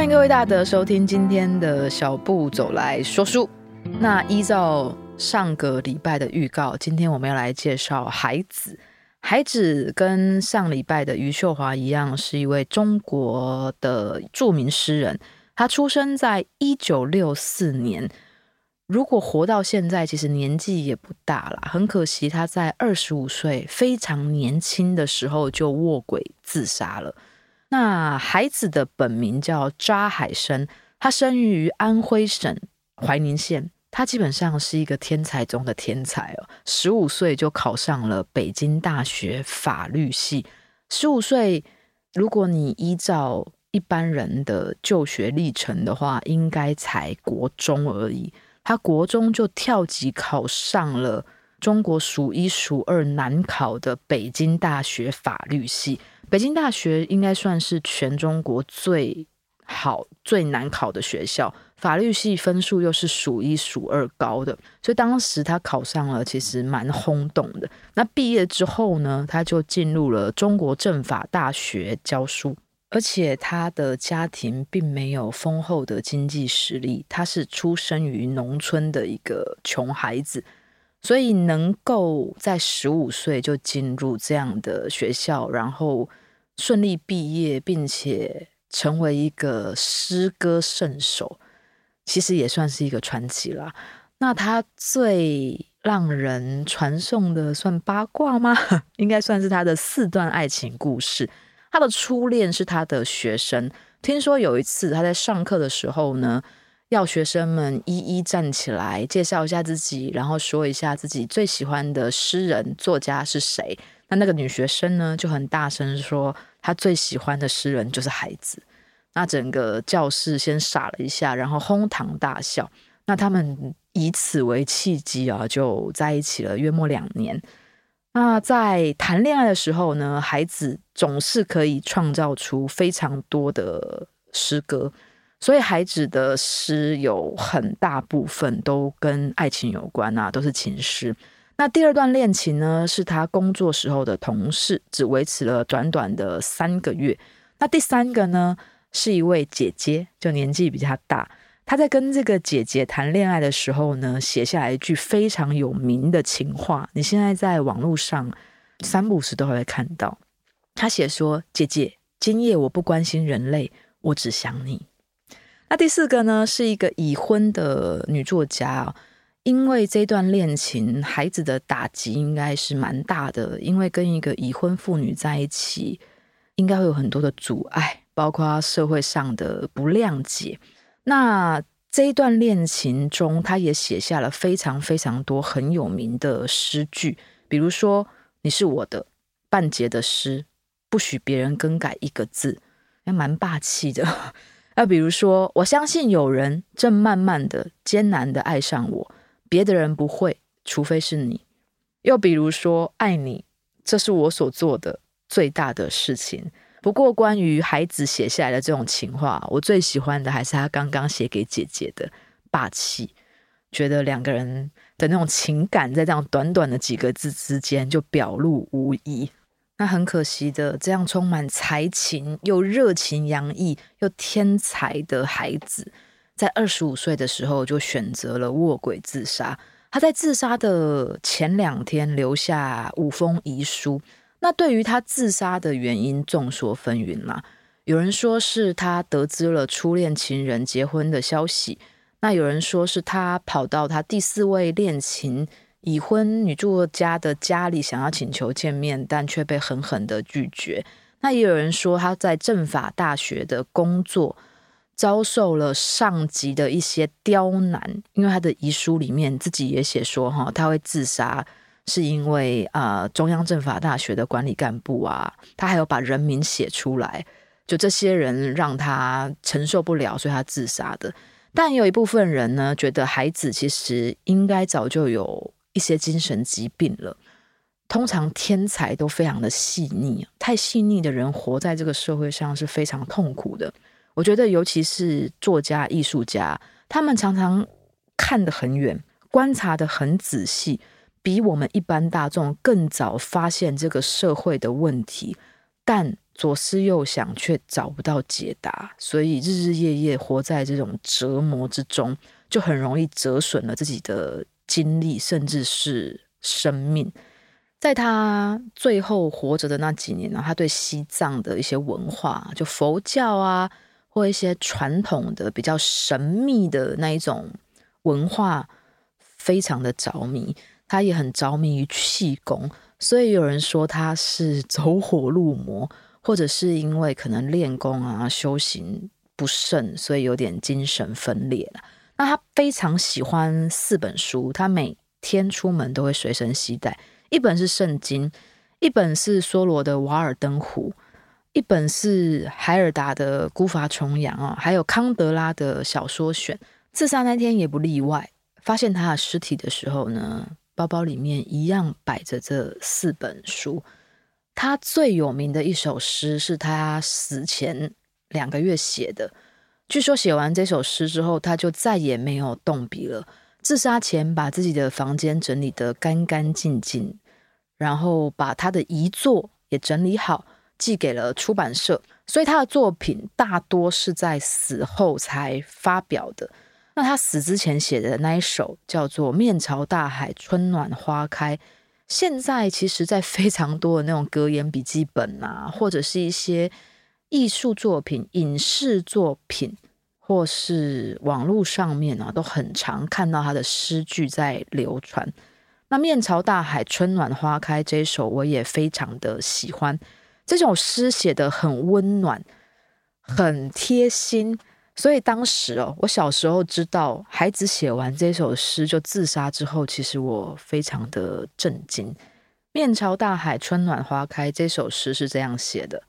歡迎各位大德收聽今天的小步走來說書。那依照上個禮拜的預告，今天我們要來介紹海子。海子跟上禮拜的余秀華一樣，是一位中國的著名詩人。他出生在一九六四年，如果活到現在，其實年紀也不大啦。很可惜，他在二十五歲非常年輕的時候就臥軌自殺了。那孩子的本名叫查海生，他生於安徽省懷寧縣，他基本上是一個天才中的天才哦。十五歲就考上了北京大學法律系，十五歲，如果你依照一般人的就學歷程的話，應該才國中而已，他國中就跳級考上了。中國數一數二難考的北京大學法律系，北京大學應該算是全中國最好最難考的學校，法律系分數又是數一數二高的，所以當時他考上了，其實蠻轟動的。那畢業之後呢，他就進入了中國政法大學教書，而且他的家庭並沒有豐厚的經濟實力，他是出生於農村的一個窮孩子。所以能夠在十五歲就進入這樣的學校，然後順利畢業，並且成為一個詩歌聖手，其實也算是一個傳奇啦。那他最讓人傳頌的，算八卦嗎？應該算是他的四段愛情故事。他的初戀是他的學生，聽說有一次他在上課的時候呢。要學生們一一站起來，介紹一下自己，然後說一下自己最喜歡的詩人作家是誰。那那個女學生呢，就很大聲說，她最喜歡的詩人就是海子。那整個教室先傻了一下，然後哄堂大笑。那他們以此為契機啊，就在一起了約莫兩年。那在談戀愛的時候呢，海子總是可以創造出非常多的詩歌。所以海子的詩有很大部分都跟愛情有關啊，都是情詩。那第二段戀情呢，是他工作時候的同事，只維持了短短的三個月。那第三個呢，是一位姐姐，就年紀比他大。他在跟這個姐姐談戀愛的時候呢，寫下來一句非常有名的情話，你現在在網絡上三不五時都會看到。他寫說：“姐姐，今夜我不關心人類，我只想你。”那第四個呢，是一個已婚的女作家，因為這段戀情，海子的打擊應該是蠻大的，因為跟一個已婚婦女在一起，應該會有很多的阻礙，包括社會上的不諒解。那這一段戀情中，她也寫下了非常非常多很有名的詩句，比如說“你是我的半截的詩，不許別人更改一個字”，也蠻霸氣的。那比如說，我相信有人正慢慢的、艱難的愛上我，別的人不會，除非是你。又比如說，愛你，這是我所做的最大的事情。不過，關於海子寫下來的這種情話，我最喜歡的還是他剛剛寫給姐姐的霸氣，覺得兩個人的那種情感在這樣短短的幾個字之間就表露無遺。那很可惜的，這樣充滿才情又熱情洋溢又天才的孩子，在二十五歲的時候就選擇了臥軌自殺。他在自殺的前兩天留下五封遺書。那對於他自殺的原因，眾說紛紜啦、啊。有人說是他得知了初戀情人結婚的消息，那有人說是他跑到他第四位戀情。已婚女作家的家裡，想要請求見面，但卻被狠狠的拒絕。那也有人說，他在政法大學的工作遭受了上級的一些刁難，因為他的遺書裡面自己也寫說，哈，他會自殺是因為啊、呃，中央政法大學的管理幹部啊，他還有把人名寫出來，就這些人讓他承受不了，所以他自殺的。但有一部分人呢，覺得海子其實應該早就有。一些精神疾病了。通常天才都非常的細膩，太細膩的人活在這個社會上是非常痛苦的。我覺得，尤其是作家、藝術家，他們常常看得很遠，觀察得很仔細，比我們一般大眾更早發現這個社會的問題，但左思右想卻找不到解答，所以日日夜夜活在這種折磨之中，就很容易折損了自己的。經歷甚至是生命，在他最後活着的那幾年呢，他對西藏的一些文化，就佛教啊，或一些傳統的比較神秘的那一種文化，非常的着迷。他也很着迷於氣功，所以有人說他是走火入魔，或者是因為可能練功啊修行不慎，所以有點精神分裂了。那他非常喜歡四本書，他每天出門都會隨身攜帶，一本是聖經，一本是梭羅的《瓦爾登湖》，一本是海爾達的《孤筏重洋》啊，還有康德拉的小說選。自殺那天也不例外，發現他的屍體的時候呢，包包裡面一樣擺着這四本書。他最有名的一首詩是他死前兩個月寫的。據說寫完這首詩之後，他就再也沒有動筆了。自殺前把自己的房間整理得干干淨淨，然後把他的遺作也整理好，寄給了出版社。所以他的作品大多是在死後才發表的。那他死之前寫的那一首叫做《面朝大海，春暖花開》，現在其實在非常多的那種格言筆記本啊，或者是一些。藝術作品、影視作品，或是網絡上面啊，都很常看到他的詩句在流傳。那“面朝大海，春暖花開”這首，我也非常的喜歡。這首詩寫得很溫暖，很貼心。所以當時哦，我小時候知道海子寫完這首詩就自殺之後，其實我非常的震驚。“面朝大海，春暖花開”這首詩是這樣寫的。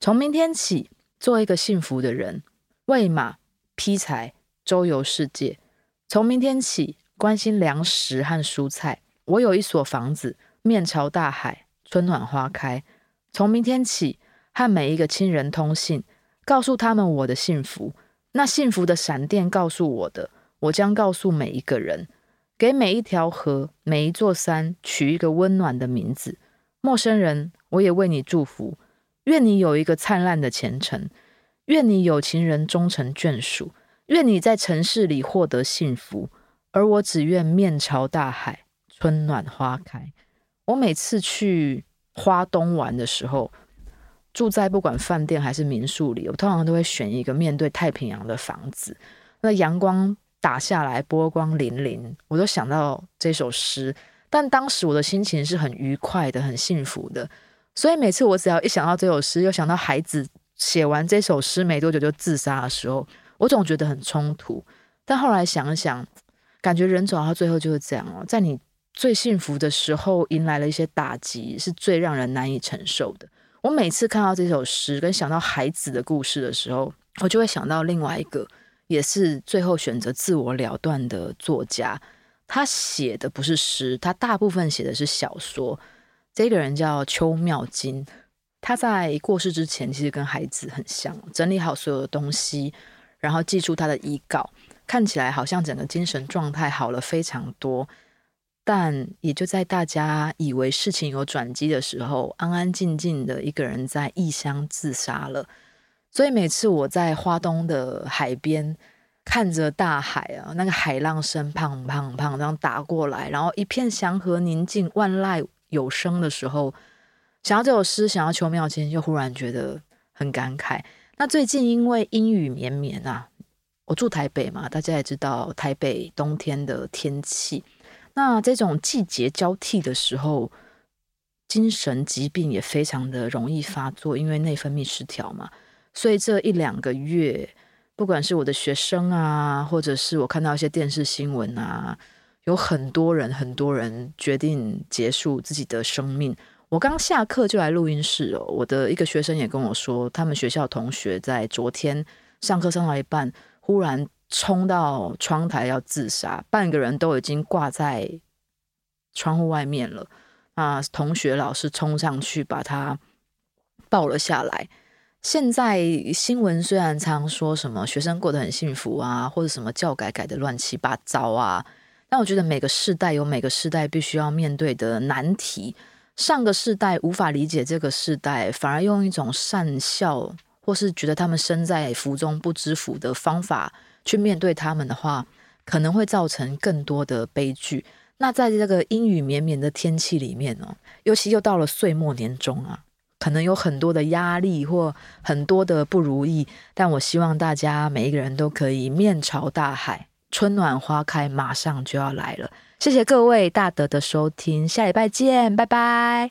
從明天起，做一個幸福的人，餵馬，劈柴，周遊世界。從明天起，關心糧食和蔬菜。我有一所房子，面朝大海，春暖花開。從明天起，和每一個親人通信，告訴他們我的幸福。那幸福的閃電告訴我的，我將告訴每一個人。給每一條河，每一座山，取一個溫暖的名字。陌生人，我也為你祝福。願你有一個燦爛的前程，願你有情人終成眷屬，願你在城市裡獲得幸福，而我只願面朝大海，春暖花開。我每次去花東玩的時候，住在不管飯店還是民宿裡，我通常都會選一個面對太平洋的房子。那陽光打下來，波光粼粼，我都想到這首詩。但當時我的心情是很愉快的，很幸福的。所以每次我只要一想到這首詩，又想到海子寫完這首詩沒多久就自殺的時候，我總覺得很衝突。但後來想一想，感覺人走到最後就是這樣哦，在你最幸福的時候，迎來了一些打擊，是最讓人難以承受的。我每次看到這首詩，跟想到海子的故事的時候，我就會想到另外一個，也是最後選擇自我了斷的作家，他寫的不是詩，他大部分寫的是小說。這個人叫邱妙金，他在過世之前其實跟海子很像，整理好所有的東西，然後寄出他的遺稿，看起來好像整個精神狀態好了非常多，但也就在大家以為事情有轉機的時候，安安靜靜的一個人在異鄉自殺了。所以每次我在花東的海邊看着大海啊，那個海浪聲砰砰砰這樣打過來，然後一片祥和寧靜，萬籟。有聲的時候，想到這首詩，想到妙今金，就忽然覺得很感慨。那最近因為陰雨綿綿啊，我住台北嘛，大家也知道台北冬天的天氣，那這種季節交替的時候，精神疾病也非常的容易發作，因為內分泌失調嘛。所以這一兩個月，不管是我的學生啊，或者是我看到一些電視新聞啊。有很多人，很多人決定結束自己的生命。我剛下課就來錄音室哦，我的一個學生也跟我說，他們學校同學在昨天上課上到一半，忽然衝到窗台要自殺，半個人都已經掛在窗戶外面了。啊，同學老師衝上去把他抱了下來。現在新聞雖然常說什麼學生過得很幸福啊，或者什麼教改改的亂七八糟啊。但我覺得每個世代有每個世代必須要面對的難題，上個世代無法理解這個世代，反而用一種訕笑或是覺得他們身在福中不知福的方法去面對他們的話，可能會造成更多的悲劇。那在這個陰雨綿綿的天氣裡面哦，尤其又到了歲末年終啊，可能有很多的壓力或很多的不如意，但我希望大家每一個人都可以面朝大海，春暖花開，馬上就要來了。謝謝各位大德的收聽，下禮拜見，拜拜。